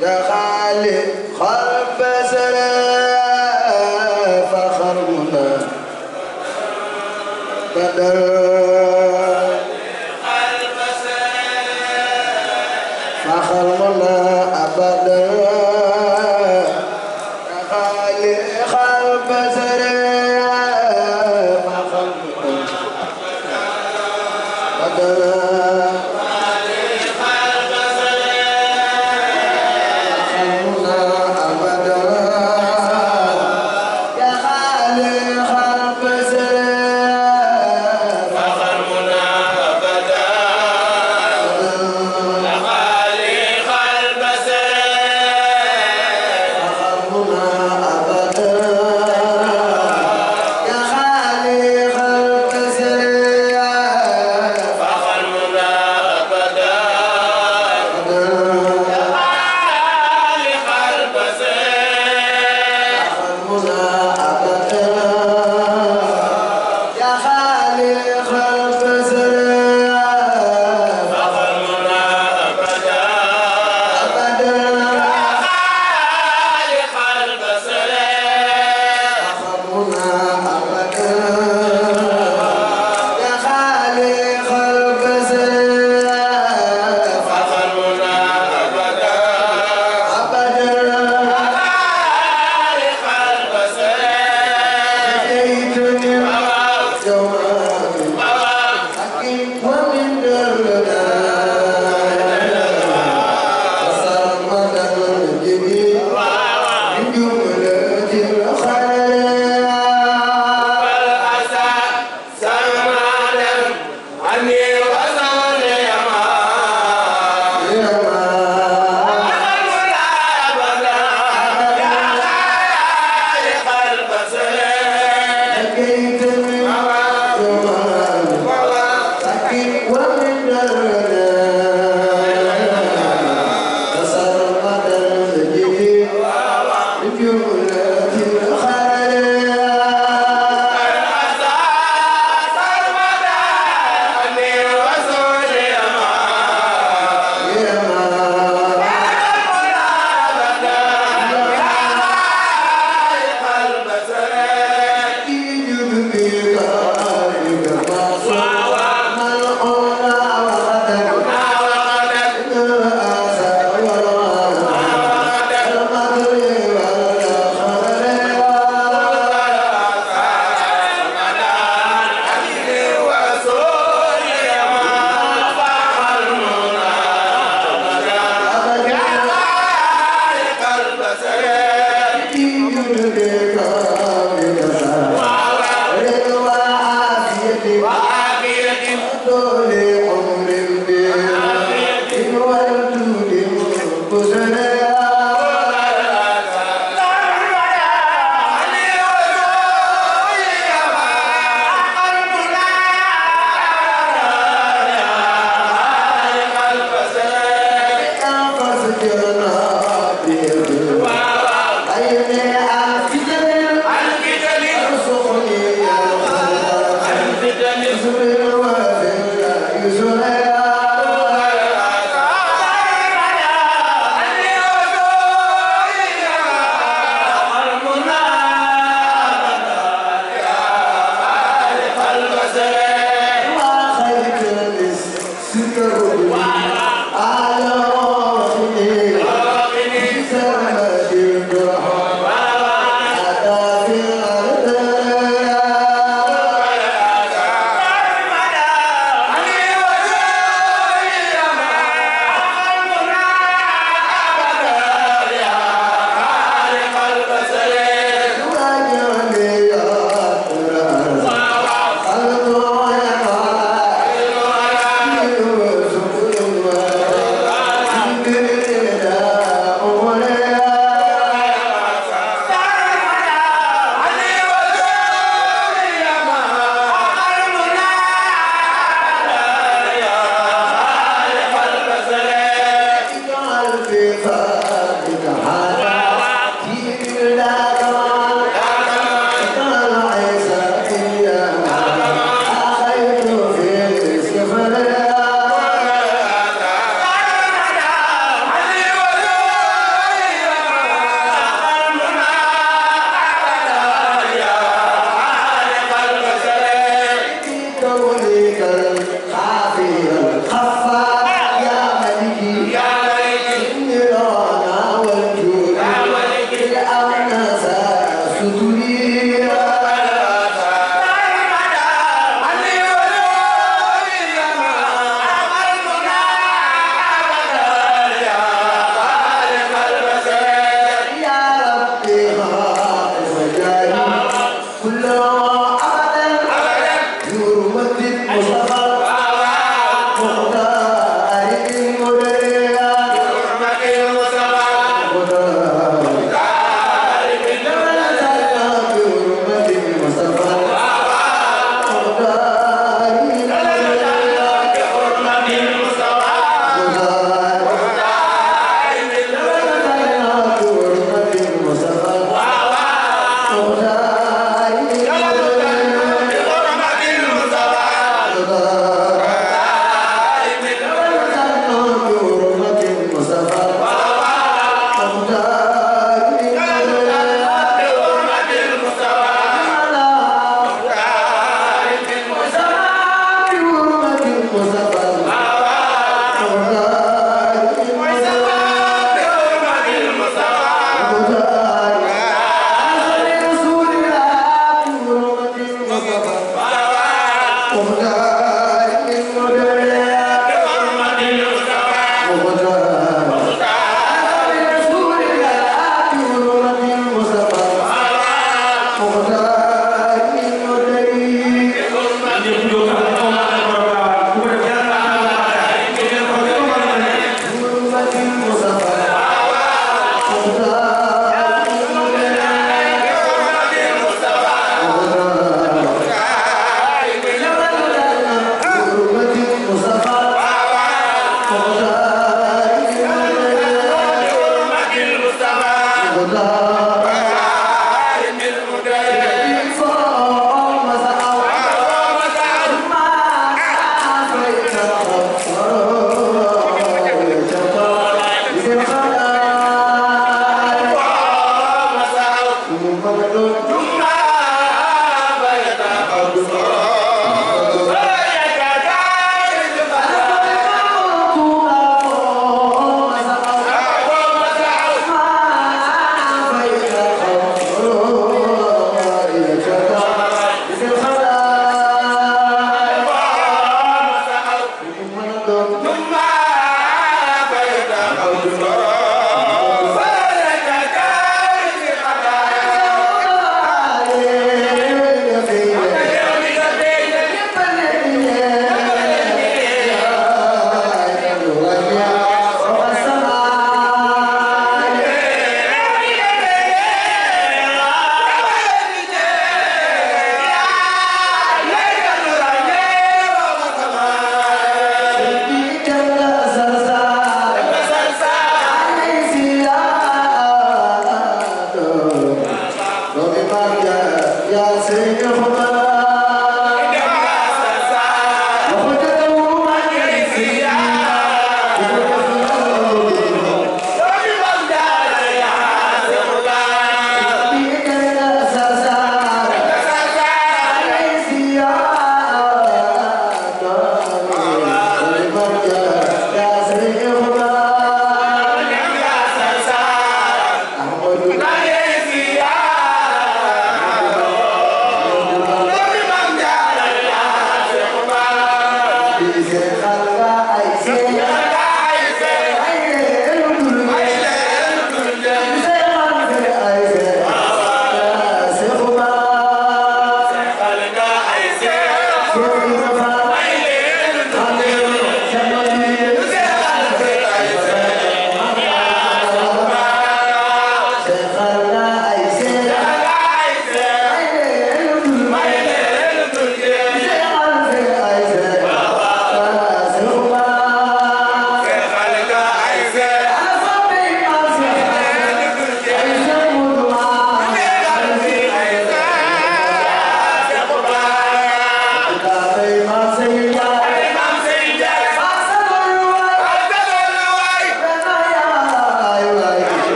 يا خالد خرب سنا فخرنا بدل que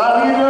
Valida!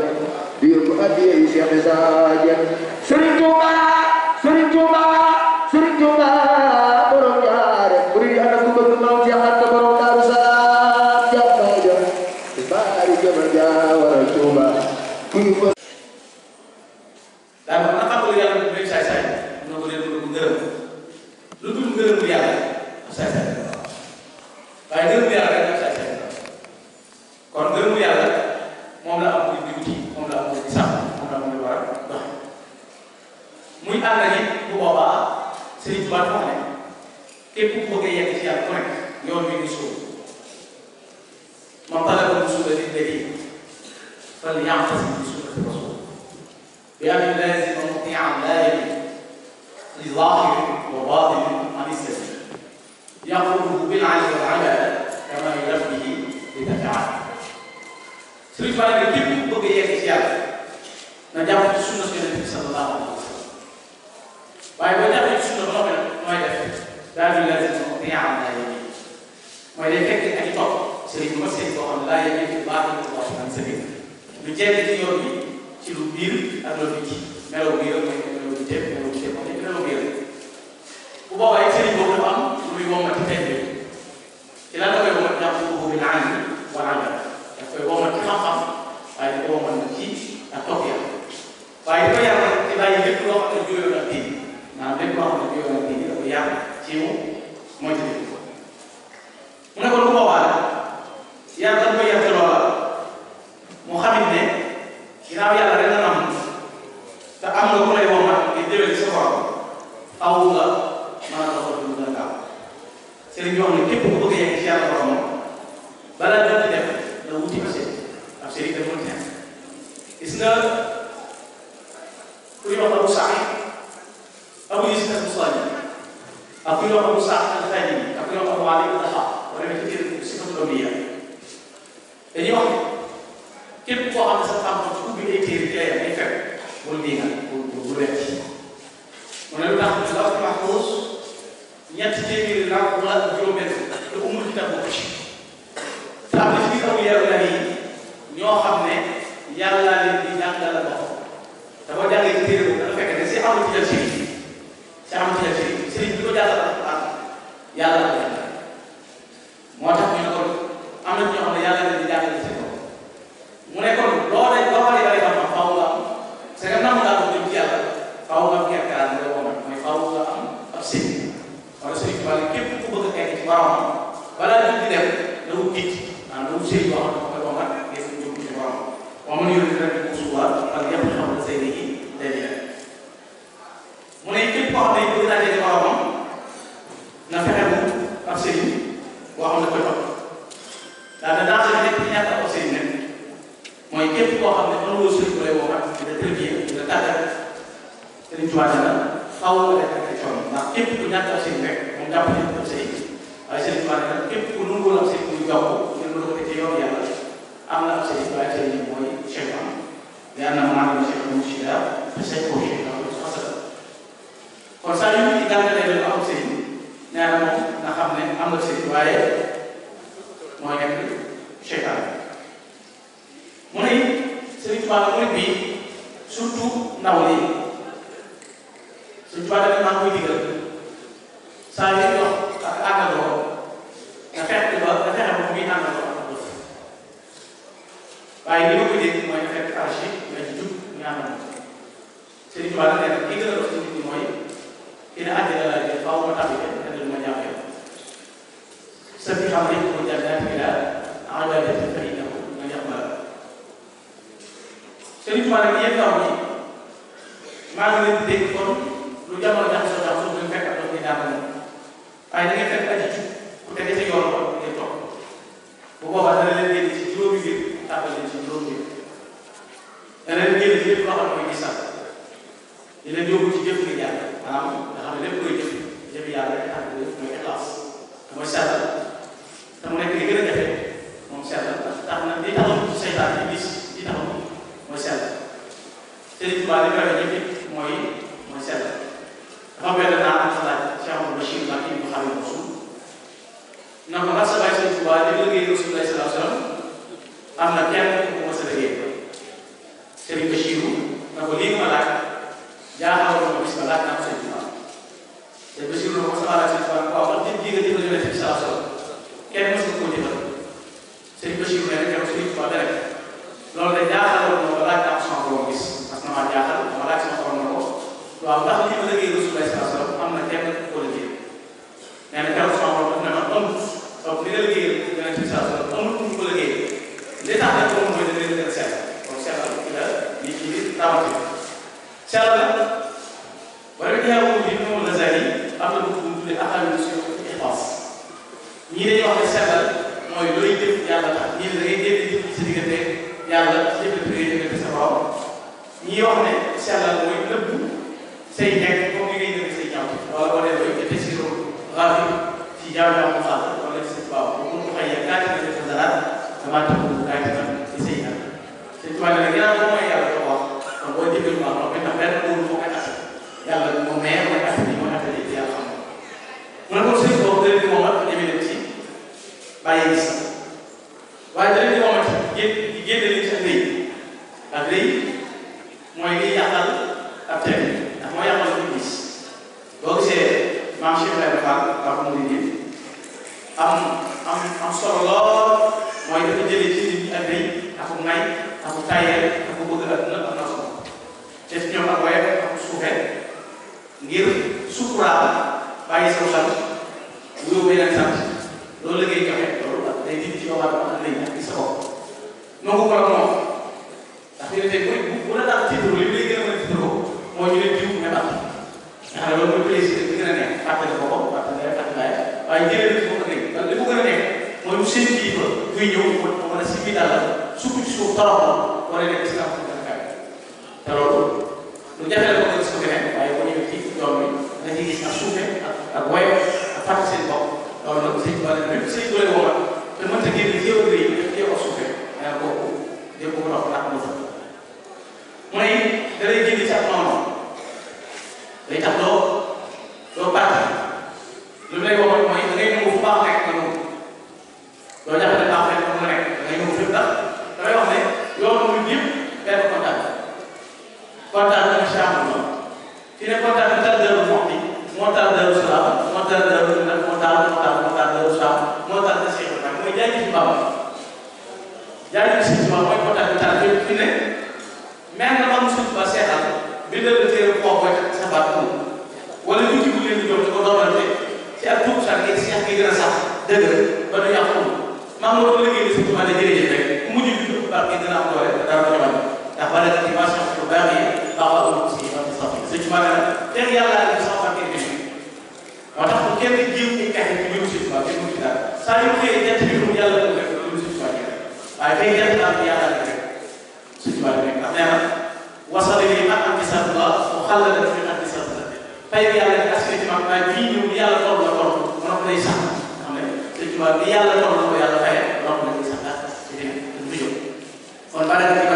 ma biir Cheikh Issa Dieng Sir لأنه عمل فقه شهاب فسيكون شهاب yàlla la yéen da ngay dégg nit sa diggante yàlla ci yëpp da ngay diggante sa borom ñi wax ne sellal mooy lépp say nekk comme ni ngay dégg say ñaaw wala boo demee ba tey si loolu ci jaamu ñëw bay nag sant loolu la ngay joxe loolu ak day dindi ci doomu aadama ak lay ñàkk sa bopp noo ko korom moo ndax ñu ne tey mooy bu bu la daan tiitaroo li lay gën a mën a tiitaroo moo ñu ne diw ne bàtt nga xam ne loolu mooy plaisir bi gën a nekk fàttali ko bopp fàttali rek fàttali waaye jëlee li ko ko nekk ndax li ko gën a nekk mooy bu seen kii ba kuy ñëw mu mën a si biir dàll surtout ci suuf toroxoon wala nekk waaye day def am yaakaar rek suñu baax rek am naa wasale yi ak am gisal bu baax mu xàll la def ak gisal bu baax tey bi yàlla ak askan ci mag waaye bii ñëw li yàlla toll la toll mu ne suñu baax li ko yàlla fayal noppi lay sax daal ci dina du jóg kon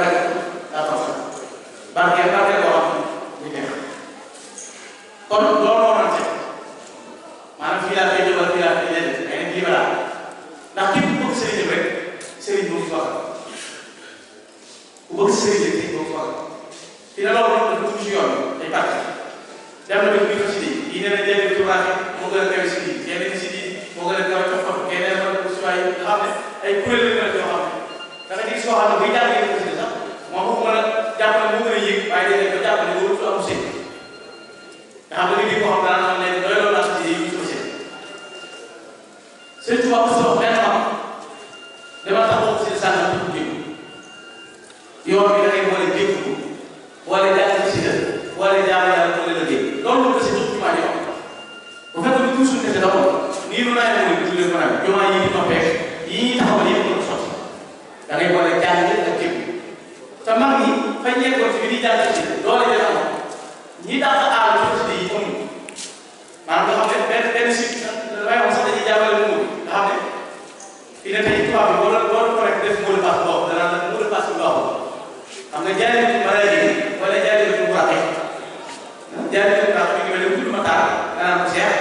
kanamu Cheikh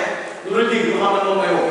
lu la dégg lu xam ne moom mooy wax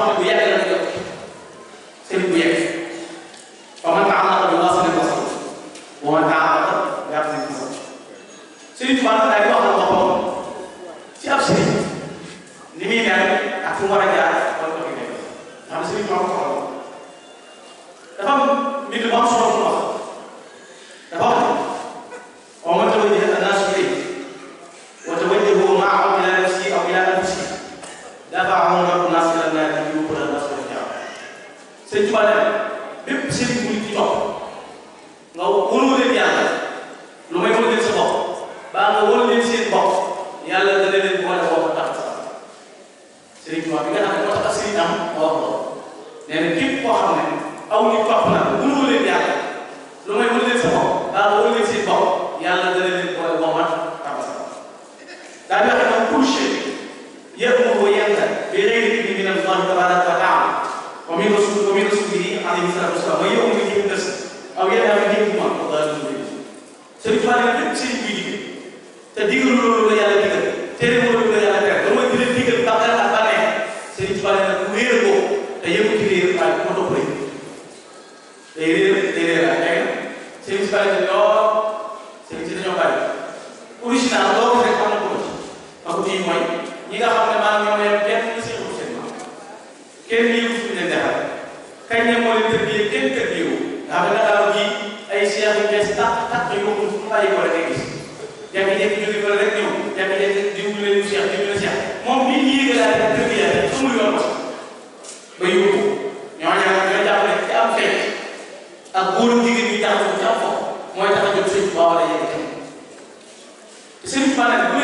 a se se siempre seex yu bees tàq tàq yoo xam ne bàyyi ko rek nga gis jafe-jafe jóge fa rek ñëw jafe-jafe diwlu leen seex diwlu leen seex moom li ñu yéege daal rek dëgg yàlla amul yoon ba yóbbu ñooñu nag ñoo jàpp ne ci am fekk ak góor ak jigéen ñi jàpp ci am foofu mooy tax a jóg sëñ Tuubaa wala yéen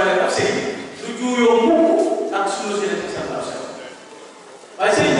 Ibrahima ab sëriñ du juuyoo mukk ak sunna si nekk sallallahu alayhi wa sallam waaye sëriñ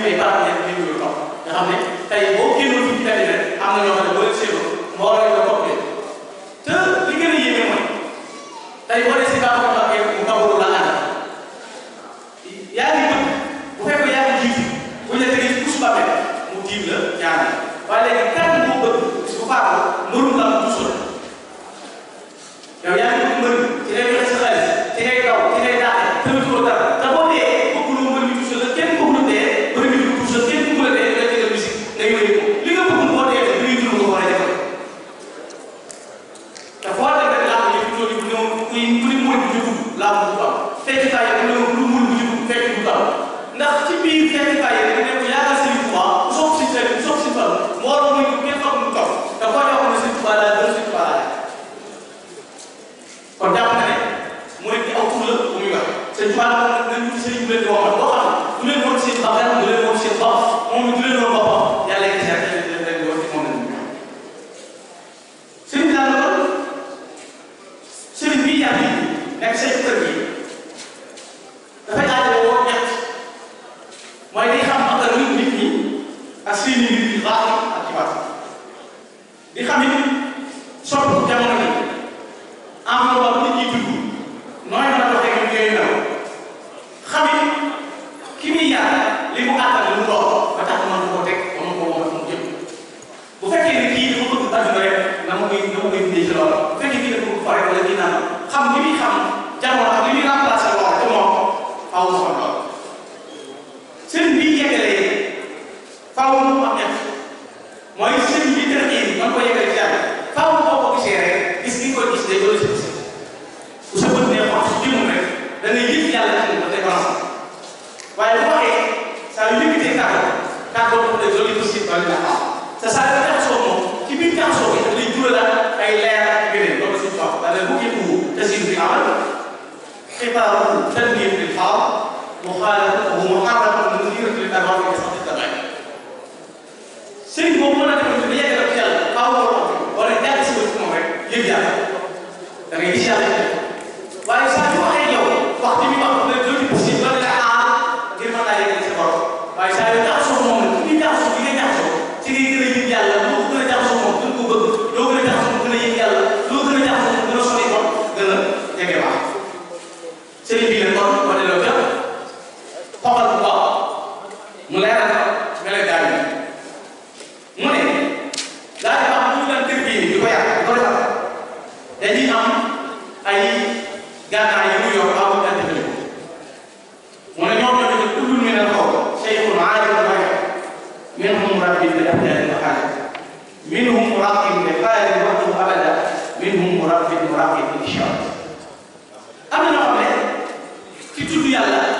ay partenaires ñu ngi ko topp nga xam ne tey lor fekk ci la ko fare wala ci naan xam gi muy xam jamono ak war a fekk mu ràqee incha allah am na ñoo xam ne ci tudd yàlla.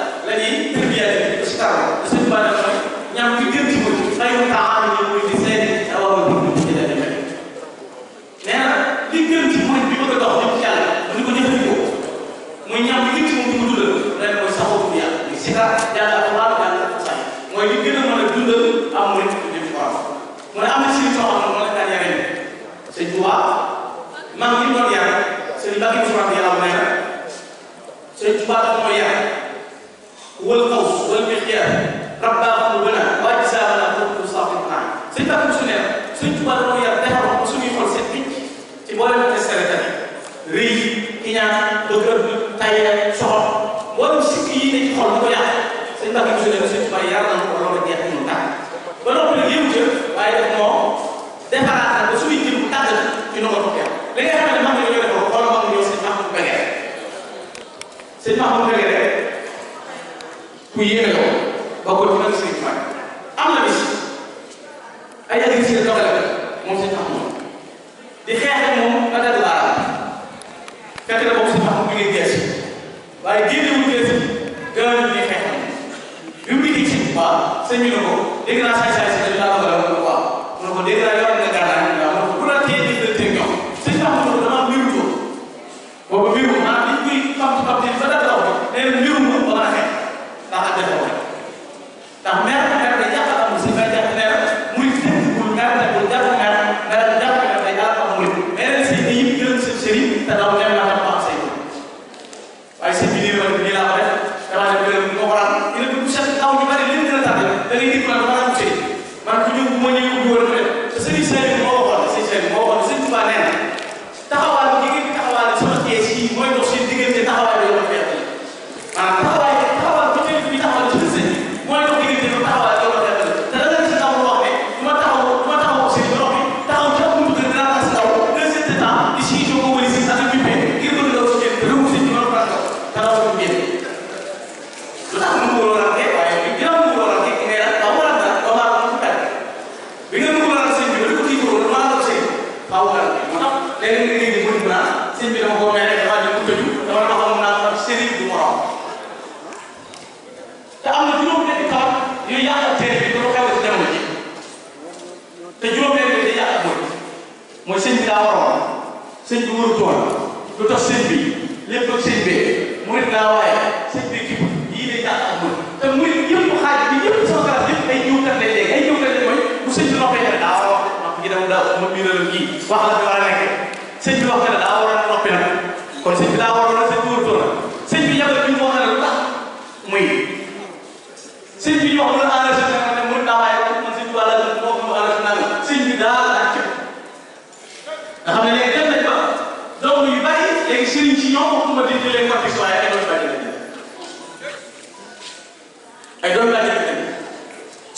ay doon laaj ak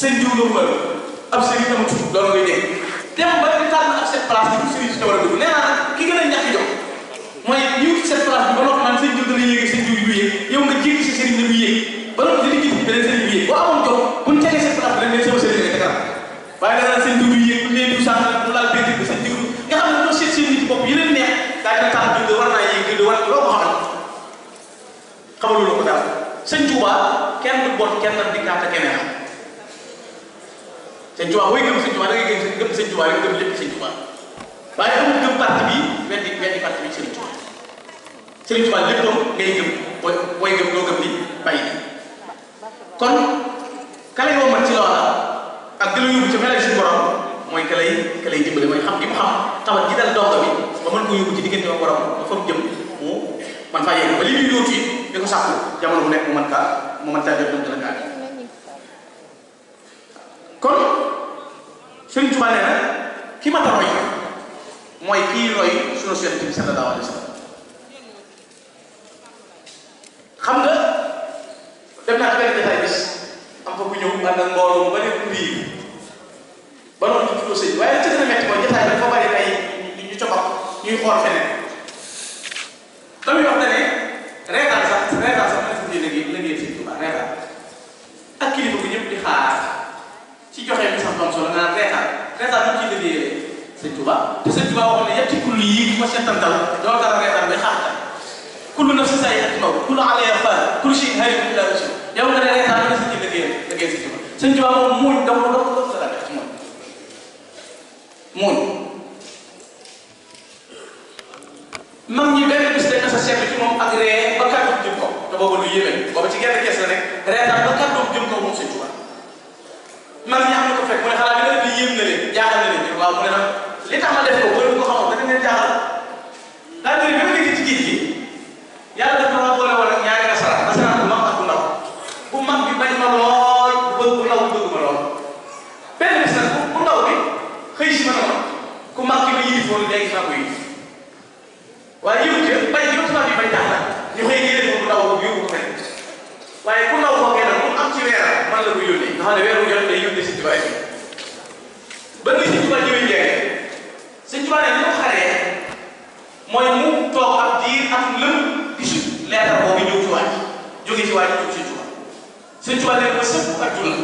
seen jiw la mu war ab war a dugg nee naa nag ki gën a ñàkk jox mooy ñëw ci seen place bi ba loo xam ne seen jiw dana yéeg seen jiw yu yéeg yow nga jéggi si sëriñ la muy yéeg ba loolu dina gis beneen sëriñ bi yéeg boo amoon jox bu ñu tegee seen place bi dañ leen sama sëriñ nga tegal waaye dana seen jiw yu yéeg bu ñu leen diw sànq mu laal béykat bi seen nga xam ne doo seet seen nit bopp yi leen neex daa dina tax sëñ Touba kenn du bot kenn di kaata keneen sëñ Touba booy gëm sëñ Touba da ngay gëm gëm sëñ gëm lépp sëñ Touba waaye amul gëm parti bi weddi weddi parti bi sëñ Touba sëñ Touba léppam ngay gëm booy booy gëm doo gëm ni bàyyi kon kale yoo mat ci loola ak gëla yóbbu ci melal suñu borom mooy ka lay ka lay dimbale mooy xam gi mu xam tawat bi ba mën ko yóbbu ci diggante ba borom ba fa mu jëm man faa yegg ba li muy yóotu it di ko sàkku jamono bu nekk mu mën kaa mu mën kaa jot mu gën a gaaw kon Sëriñ Tuubaa na ki ma roy mooy kii roy sunu Yonent bi sallallahu alayhi wa sallam xam nga dem naa ci benn jotaay bis ku ñëw ànd ak mbooloo mu bari biir ba noonu ñu tuddoo waaye ci gën a métti mooy jotaay bi dafa bari ay ñu ñu cobab ñuy xool feneen damay wax ne ne reetaan sax reetaan sax mooy suñu liggéey liggéey Sëñ Tuubaa reetaan ak kilifa bu ñëpp di xaar ci joxe bi sax doon solo nga naan reetaan reetaan moom ciy liggéeyee Sëñ ne yetti kullu yi ma seetantal doo dara reetaan bay xaar tam kullu nafsin sayi'atun mawt kullu alayha fan kullu shay'in halikun illa nga ne reetaan mooy suñu liggéey liggéey Sëñ Tuubaa Sëñ Tuubaa moom muuñ mag ñi benn bis nekk sa seet bi ci ak ree ba kàddu jëm kaw te booba lu yéeme booba ci genn kees la nekk ree daal ba kàddu jëm kaw moom sëñ Tuubaa mag ñi am na ko fekk mu ne xalaat bi nga def li yéem na leen jaaxal na leen waaw mu ne nag li tax ma def ko waaye yëngu ci bay yëngu tubaab yi bay tax la ñu xëy yéene ko mu ndaw yóbbu ko fenn waaye ku ndaw koo kenn mu am ci weer man la ko yónnee nga xam ne weer wu jot day yónnee si tubaab yi ba ni si tubaab ñëwee njëkk si tubaab yi ñu ko xaree mooy mu toog ab diir ak lëm gisul leetar boobu ñëw ci waaj jóge ci waaj jóge ci tubaab seen tubaab yi ma sëpp ak jula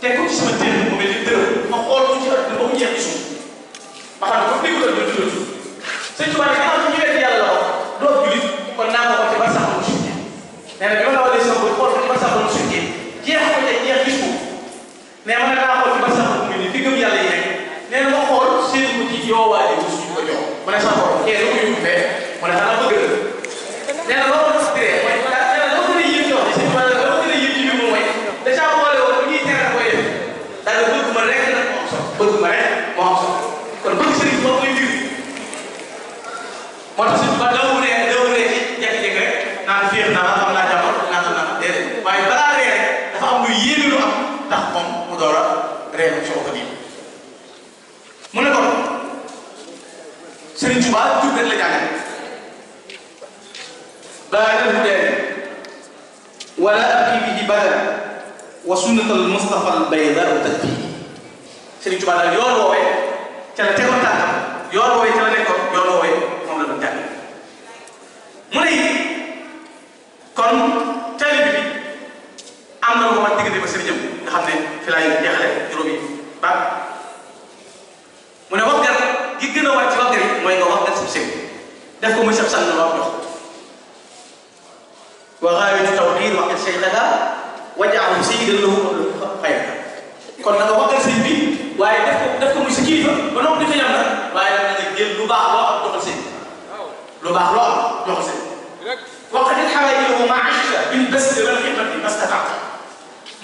te ko ci sama téere mu mel ni dërëm ma xool ko ci ëtt ba mu jeex ci suuf ma xam ne comme déggu la ah, ñu dundal seen tubaab yi بيضاء تكفيه شريك بعد اليوم هو ايه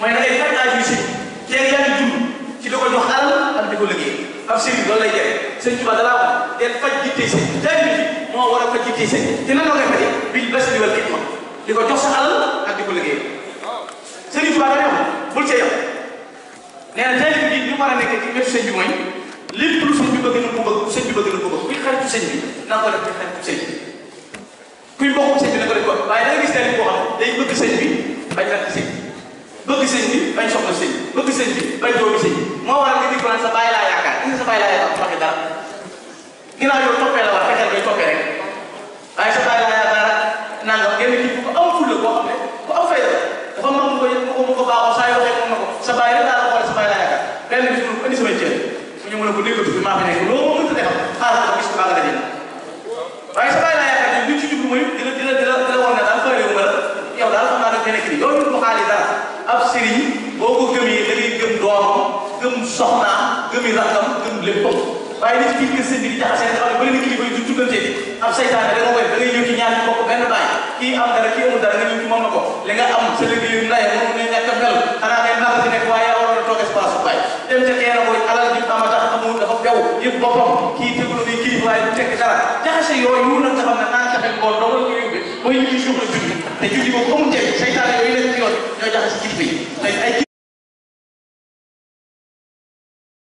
mooy nag ay partage yu sëñ kenn yaa ngi dund ci di ko jox alal ak di ko liggéey ab sëriñ loolu lay jëriñ sëñ Tuubaa dalaa ko del faj jittee sëñ taalibe bi moo war a faj jittee sëñ te nan la koy fajee bil basri wal hikma di ko jox sa alal ak di ko liggéey sëriñ Tuubaa dañoo bul ca yem nee na taalibe bi ñu war a nekk ci wetu sëñ bi mooy lépp lu sëñ bi bëgg na ko bëgg sëñ bi bëgg na ko bëgg kuy xaritu sëñ bi na ko def ci xaritu sëñ bi kuy mbokku sëñ bi na ko def ko waaye da nga gis taalibe boo xam day bëgg sëñ bi bañ la sëñ bëgg sëñ bi bañ soxla sëñ bëgg sëñ bi bañ doomi sëñ moo waral nga dig sa bàyyi laa yaakaar indi sa bàyyi la war fexeel ngay kii ko am fulla boo xam ne am fay la ko mu ko mu yoo xam ne ko sa bàyyi rek daal la xool sa samay cër mu mu ne ko nekkatu fi maa fi nekk loolu moo mënta defal xaaral ko gis baa nga dajee soxnaam gëmi rakkam gëm léppam waaye nit ki kër sëñ bi di jaxasee dafa ne bëri na kilifa yu tuddante ab nga koy da benn baay kii am dara kii amul dara nga ñëw ci moom na ko li nga am sa liggéeyu ndaye moom ne ñàkk a mel xanaa ngay nar di waaye yaa waroon a toog espace bu baay dem ca kee na koy alal bi ama tax amul dafa bew yëpp kii tegulu kii waaye du tekk dara jaxase yooyu nag nga xam ne naan tamit boo dogal ñu yóbbe mooy ñu suuf la julli te julli boobu amul teg saytaane yooyu